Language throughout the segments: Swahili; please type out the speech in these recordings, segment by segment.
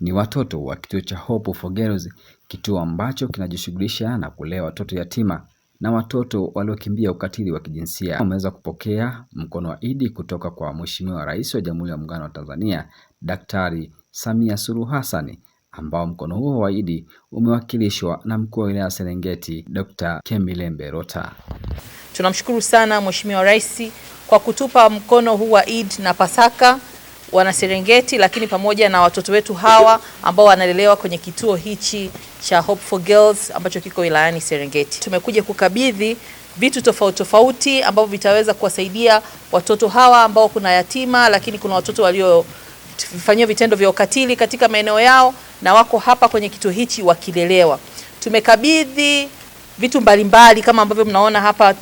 ni watoto wa kituo cha Hope for Girls, kituo ambacho kinajishughulisha na kulea watoto yatima na watoto waliokimbia ukatili wa kijinsia wameweza kupokea mkono wa Idi kutoka kwa Mheshimiwa Rais wa Jamhuri ya Muungano wa Tanzania Daktari Samia Suluhu Hassan, ambao mkono huo wa Idi umewakilishwa na mkuu wa wilaya ya Serengeti Dr. Kemilembe rota Tunamshukuru sana Mheshimiwa Rais kwa kutupa mkono huu wa Idi na Pasaka wana Serengeti, lakini pamoja na watoto wetu hawa ambao wanalelewa kwenye kituo hichi cha Hope for Girls ambacho kiko wilayani Serengeti. Tumekuja kukabidhi vitu tofauti tofauti ambavyo vitaweza kuwasaidia watoto hawa ambao kuna yatima, lakini kuna watoto waliofanyiwa vitendo vya ukatili katika maeneo yao na wako hapa kwenye kituo hichi wakilelewa. Tumekabidhi vitu mbalimbali mbali, kama ambavyo mnaona hapa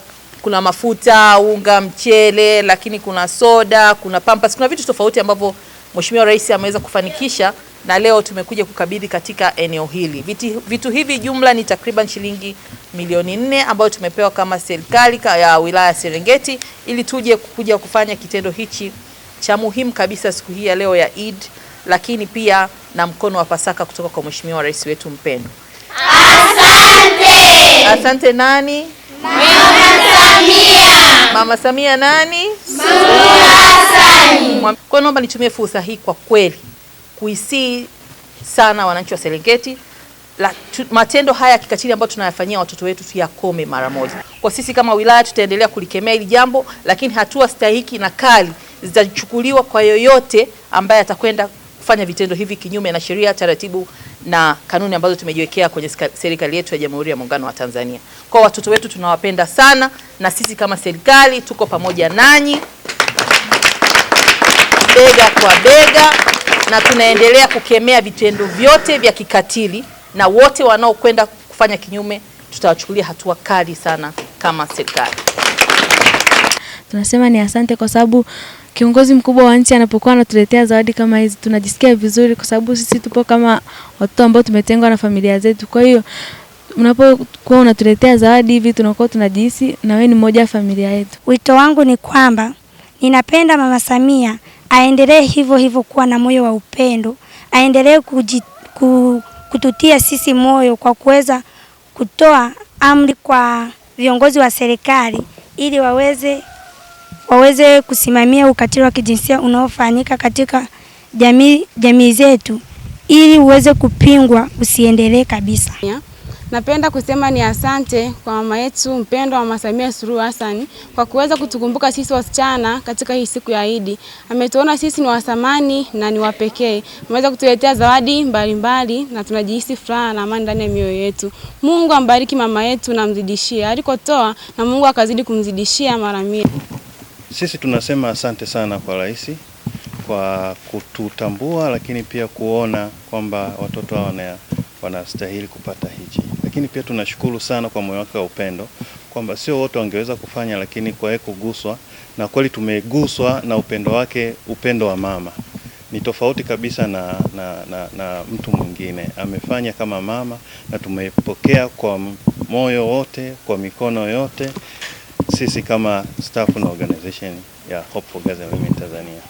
kuna mafuta, unga, mchele, lakini kuna soda, kuna pampas, kuna vitu tofauti ambavyo Mheshimiwa Rais ameweza kufanikisha na leo tumekuja kukabidhi katika eneo hili vitu, vitu hivi jumla ni takriban shilingi milioni nne ambayo tumepewa kama serikali ya wilaya Serengeti ili tuje kuja kufanya kitendo hichi cha muhimu kabisa siku hii ya leo ya Eid, lakini pia na mkono wa Pasaka kutoka kwa Mheshimiwa Rais wetu mpendwa. Asante. Asante nani? Mama Samia nani? Suluhu Hassan. Naomba nitumie fursa hii kwa kweli kuisii sana wananchi wa Serengeti la, tu, matendo haya ya kikatili ambayo tunayafanyia watoto wetu tuyakome mara moja. Kwa sisi kama wilaya tutaendelea kulikemea hili jambo, lakini hatua stahiki na kali zitachukuliwa kwa yoyote ambaye atakwenda kufanya vitendo hivi kinyume na sheria, taratibu na kanuni ambazo tumejiwekea kwenye serikali yetu ya Jamhuri ya Muungano wa Tanzania. Kwa watoto wetu tunawapenda sana, na sisi kama serikali tuko pamoja nanyi bega kwa bega, na tunaendelea kukemea vitendo vyote vya kikatili na wote wanaokwenda kufanya kinyume tutawachukulia hatua kali sana kama serikali. Tunasema ni asante kwa sababu kiongozi mkubwa wa nchi anapokuwa anatuletea zawadi kama hizi tunajisikia vizuri, kwa sababu sisi tupo kama watoto ambao tumetengwa na familia zetu. Kwa hiyo unapokuwa unatuletea zawadi hivi, tunakuwa tunajihisi na wewe ni moja ya familia yetu. Wito wangu ni kwamba ninapenda Mama Samia aendelee hivyo hivyo kuwa na moyo wa upendo, aendelee kututia sisi moyo kwa kuweza kutoa amri kwa viongozi wa serikali ili waweze waweze kusimamia ukatili wa kijinsia unaofanyika katika jamii, jamii zetu ili uweze kupingwa usiendelee kabisa. Napenda kusema ni asante kwa mama yetu mpendwa Mama Samia Suluhu Hassan kwa kuweza kutukumbuka sisi wasichana katika hii siku ya Idi. Ametuona sisi ni wasamani na ni wapekee, ameweza kutuletea zawadi mbalimbali mbali, na tunajihisi furaha na amani ndani ya mioyo yetu. Mungu ambariki mama yetu na mzidishie alikotoa, na Mungu akazidi kumzidishia mara mia. Sisi tunasema asante sana kwa rais kwa kututambua, lakini pia kuona kwamba watoto hao wanastahili kupata hichi, lakini pia tunashukuru sana kwa moyo wake wa upendo kwamba sio wote wangeweza kufanya, lakini kwa yeye kuguswa na kweli tumeguswa na upendo wake. Upendo wa mama ni tofauti kabisa na, na, na, na mtu mwingine. Amefanya kama mama na tumepokea kwa moyo wote, kwa mikono yote sisi kama staff na organization ya Hope for Gaza Women Tanzania.